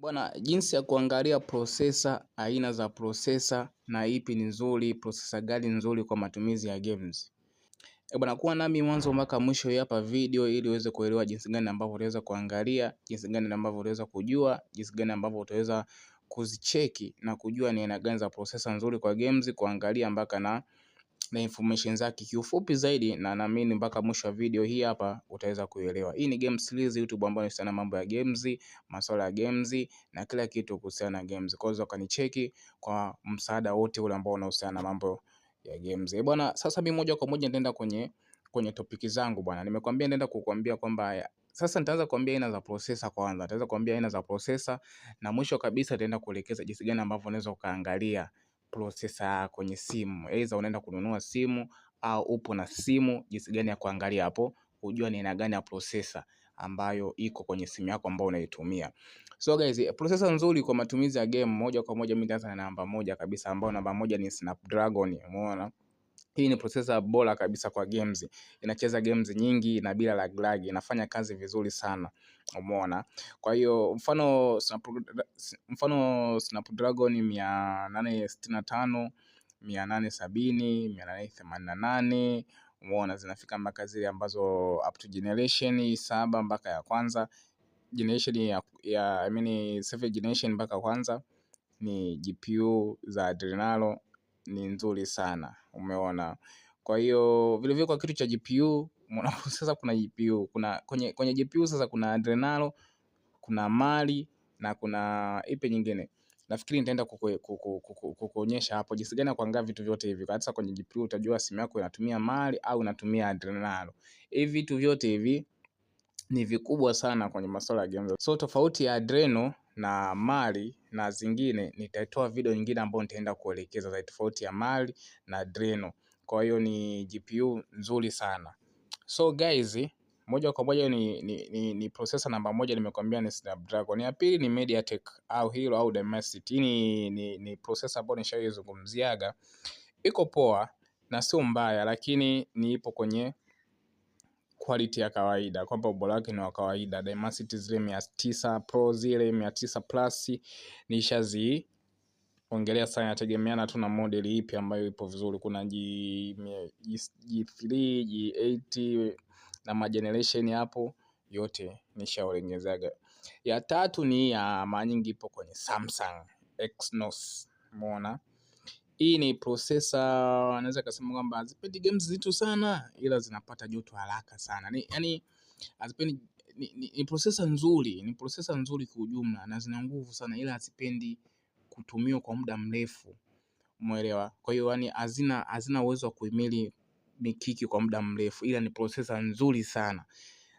Bwana, jinsi ya kuangalia processor, aina za processor na ipi ni nzuri, processor gani nzuri kwa matumizi ya games. E bwana, kuwa nami mwanzo mpaka mwisho hapa video ili uweze kuelewa jinsi gani ambavyo utaweza kuangalia, jinsi gani ambavyo utaweza kujua, jinsi gani ambavyo utaweza kuzicheki na kujua ni aina gani za processor nzuri kwa games kuangalia mpaka na na information zake kiufupi zaidi, na naamini mpaka mwisho wa video hii hapa utaweza kuelewa. Hii ni Game Series YouTube ambayo inahusiana mambo ya games, masuala ya games na kila kitu kuhusiana na games. Kwa hiyo kanicheki kwa msaada wote ule ambao unahusiana na mambo ya games. Eh, bwana, sasa mimi moja kwa moja nitaenda kwenye kwenye topiki zangu bwana. Nimekwambia nitaenda kukuambia kwamba sasa nitaanza kuambia aina za processor kwanza. Nitaanza kuambia aina za processor na mwisho kabisa nitaenda kuelekeza jinsi gani ambavyo unaweza ukaangalia processor kwenye simu, aidha unaenda kununua simu au upo na simu, jinsi gani ya kuangalia hapo hujua ni aina gani ya processor ambayo iko kwenye simu yako ambayo unaitumia. So guys, processor nzuri kwa matumizi ya game moja kwa moja mimi nitaanza na namba moja kabisa ambayo namba moja ni Snapdragon, umeona? Hii ni processor bora kabisa kwa games. Inacheza games nyingi na bila lag lag, inafanya kazi vizuri sana. Umeona? Kwa hiyo mfano mfano Snapdragon mia nane sitini na tano, mia nane sabini, mia nane themanini na nane umeona zinafika mpaka zile ambazo up to generation saba mpaka ya kwanza generation ya, ya I mean seventh generation mpaka kwanza ni GPU za Adrenalo ni nzuri sana umeona. Kwa hiyo vile vile kwa kitu cha GPU sasa kuna GPU kuna kwenye, kwenye GPU sasa kuna Adrenal kuna Mali na kuna ipe nyingine nafikiri nitaenda kukuonyesha hapo jinsi gani kuangaa vitu vyote hivi. Hata kwenye GPU utajua simu yako inatumia Mali au inatumia Adrenal. Hivi vitu vyote hivi ni vikubwa sana kwenye masuala ya games. So tofauti ya Adreno na mali na zingine nitatoa video nyingine ambayo nitaenda kuelekeza za tofauti ya mali na dreno. Kwa hiyo ni GPU nzuri sana. So guys, moja kwa moja ni, ni, ni, ni processor namba moja nimekwambia ni Snapdragon. Ya pili ni MediaTek au hilo au Dimensity. Ni, ni, ni processor ambayo nishaizungumziaga. Iko poa na sio mbaya lakini ni ipo kwenye quality ya kawaida, kwamba ubora wake ni wa kawaida. Dimensity zile mia tisa pro zile mia tisa plus nishazi ongelea sana, inategemeana tu na modeli ipi ambayo ipo vizuri. Kuna G, G3, G8 na majeneresheni hapo yote nishaolengezaga. Ya tatu ni ya mara nyingi ipo kwenye Samsung Exynos, umeona hii ni processor, anaweza kusema kwamba hazipendi games zito sana, ila zinapata joto haraka sana. Ni, yani hazipendi ni, ni, ni processor nzuri, ni processor nzuri kwa ujumla na zina nguvu sana, ila hazipendi kutumiwa kwa muda mrefu. Umeelewa? Kwa hiyo yani hazina hazina uwezo wa kuhimili mikiki kwa muda mrefu, ila ni processor nzuri sana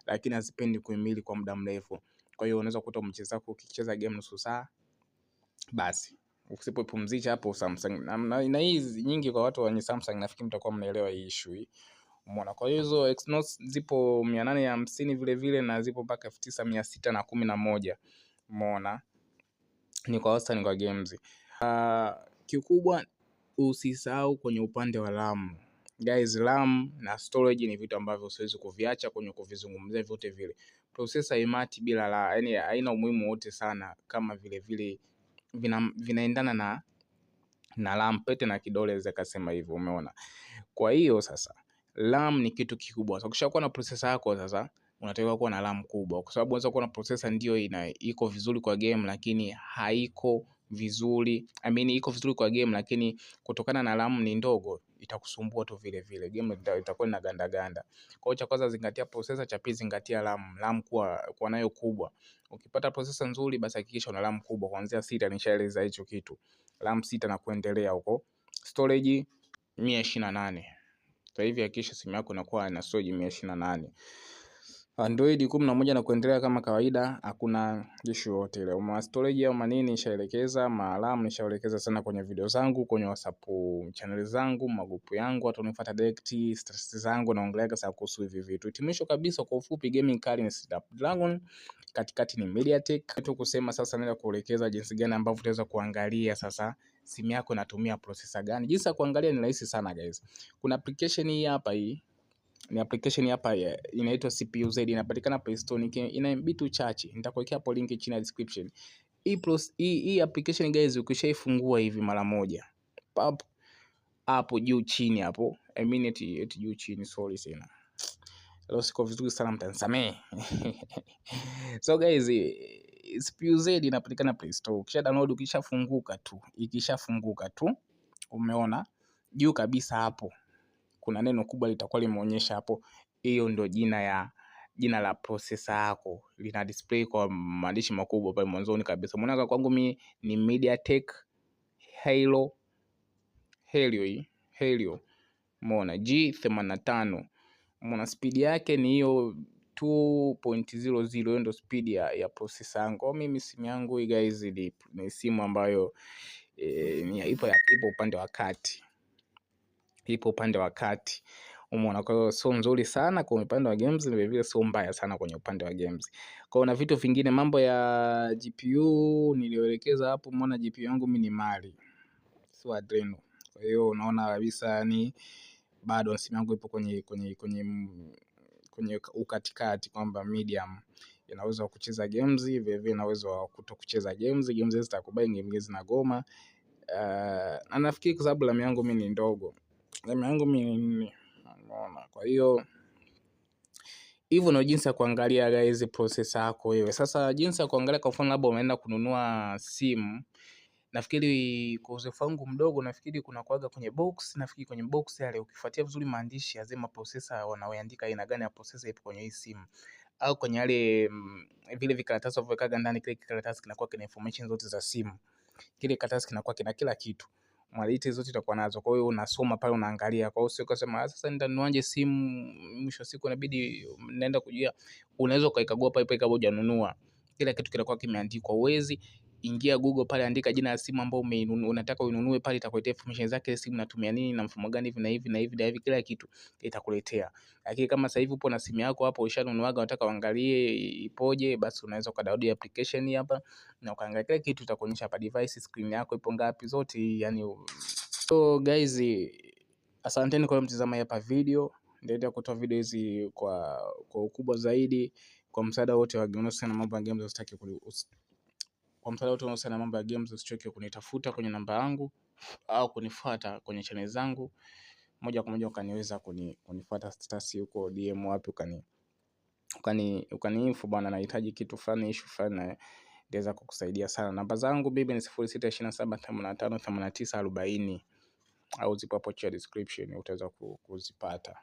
lakini hazipendi kuhimili kwa muda mrefu. Kwa hiyo unaweza kukuta mchezo wako ukicheza game nusu saa basi usipopumzisha hapo Samsung na, na, na hii nyingi kwa watu wenye Samsung nafikiri mtakuwa mnaelewa hii issue hii. Umeona, kwa hiyo hizo Exynos zipo mia nane hamsini vile vile na zipo mpaka elfu tisa mia sita na kumi na moja. Umeona, ni kwa wastani kwa games. Uh, kikubwa usisahau kwenye upande wa RAM. Guys, RAM na storage ni vitu ambavyo usiwezi kuviacha kwenye kuvizungumzia vyote vile. Processor imati bila la, yani haina umuhimu wote sana kama vile vile vina, vinaendana na na lam pete na kidole kasema hivyo, umeona. Kwa hiyo sasa lam ni kitu kikubwa. Sasa ukishakuwa na processor yako sasa unatakiwa kuwa na ram kubwa, kwa sababu unaweza kuwa na processor ndio ina iko vizuri kwa game, lakini haiko vizuri I mean, iko vizuri kwa game, lakini kutokana na ram ni ndogo itakusumbua tu vile vile, game itakuwa ina ganda ganda. Kwa hiyo cha kwanza zingatia processor, cha pili zingatia RAM. RAM kuwa kuwa nayo kubwa. Ukipata processor nzuri, basi hakikisha una RAM kubwa kuanzia sita, nishaeleza hicho kitu. RAM sita na kuendelea huko. Storage 128. Sasa hivi hakikisha simu yako inakuwa na storage 128. Android 11 na kuendelea kama kawaida, hakuna issue yote ile. Uma storage au manini nishaelekeza, maalamu nishaelekeza sana kwenye video zangu, kwenye WhatsApp channel zangu, magrupu yangu, watu wanifuata direct, status zangu naongelea sana kuhusu hivi vitu. Hitimisho kabisa kwa ufupi, gaming card ni Snapdragon, katikati ni MediaTek. Kitu kusema sasa naenda kuelekeza jinsi gani ambavyo utaweza kuangalia sasa simu yako inatumia processor gani. Jinsi ya kuangalia ni rahisi sana guys. Kuna application hii hapa hii ni application hapa inaitwa CPU Zaidi, inapatikana Play Store, ina MB tu chache. Nitakuwekea hapo link chini ya description. Hii plus hii application guys, ukishaifungua hivi mara moja pop hapo juu chini hapo, I mean it, it juu chini, sorry sana leo siko vizuri sana, mtanisamee so guys CPU Zaidi inapatikana Play Store. Ukisha download, ukishafunguka tu, ikishafunguka tu, umeona juu kabisa hapo kuna neno kubwa litakuwa limeonyesha hapo, hiyo ndio jina ya jina la processor yako, lina display kwa maandishi makubwa pale mwanzoni kabisa. Mwanaka kwangu mimi ni MediaTek Helio Helio hii Helio, umeona G85, umeona speed yake ni hiyo 2.00 hiyo ndio speed ya, ya processor yangu. mimi simu yangu hii guys, ni simu ambayo e, ni ipo, ipo upande wa kati ipo upande wa kati umeona. Kwa hiyo sio nzuri sana kwa upande wa games, ni vile sio mbaya sana kwenye upande wa games. Kwa hiyo na vitu vingine, mambo ya GPU nilioelekeza hapo, umeona GPU yangu mimi ni Mali, sio Adreno. Kwa hiyo unaona kabisa ni yaani, bado simu yangu ipo kwenye kwenye kwenye kwenye ukatikati kwamba medium ina uwezo wa kucheza games, vile vile ina uwezo wa kutokucheza games. Games zitakubali, games goma Uh, ah, na nafikiri kwa sababu RAM yangu mimi ni ndogo Ema yangu mimi nini? Unaona, kwa hiyo hivyo ndio jinsi ya kuangalia guys process yako wewe. Sasa jinsi ya kuangalia, kwa mfano labda umeenda kununua simu, nafikiri kwa uzoefu wangu mdogo, nafikiri kuna kuaga kwenye box, nafikiri kwenye box yale ukifuatia vizuri maandishi ya processor wanaoandika aina gani ya processor ipo kwenye hii simu au kwenye yale mm, vile vikaratasi wavyowekaga ndani, kile kikaratasi kinakuwa kina information zote za simu, kile kikaratasi kinakuwa kina kila kitu maliti zote itakuwa nazo. Kwa hiyo unasoma pale unaangalia. Kwa hiyo sio kusema ah, sasa nitanunuaje simu, mwisho siku inabidi naenda kujua, unaweza ukaikagua pale pale kabla hujanunua. Kila kitu kinakuwa kimeandikwa, huwezi ingia Google pale, andika jina la simu ambayo unataka uinunue pale, itakuletea information zake, simu natumia nini na mfumo gani hivi na hivi na hivi na hivi, kila kitu itakuletea. Lakini kama sasa hivi upo na simu yako hapo ushanunuaga, unataka uangalie ipoje, basi unaweza download application hapa na ukaangalia kila kitu, itakuonyesha hapa device, screen yako ipo ngapi, zote yani. So guys, asanteni kwa mtazama hapa video, ndio kutoa video hizi kwa kwa ukubwa zaidi, kwa msaada wote wa na mambo ya games usitaki kwa mfano wote unaohusiana na mambo ya games, usichoke kunitafuta kwenye namba yangu au kunifuata kwenye channel zangu moja kwa moja, ukaniweza kunifuata status huko DM wapi, ukani ukani info bwana, nahitaji kitu fulani, issue fulani na ndeza kukusaidia sana. Namba zangu bibi ni 0627858940 au zipo hapo chini description, utaweza kuzipata.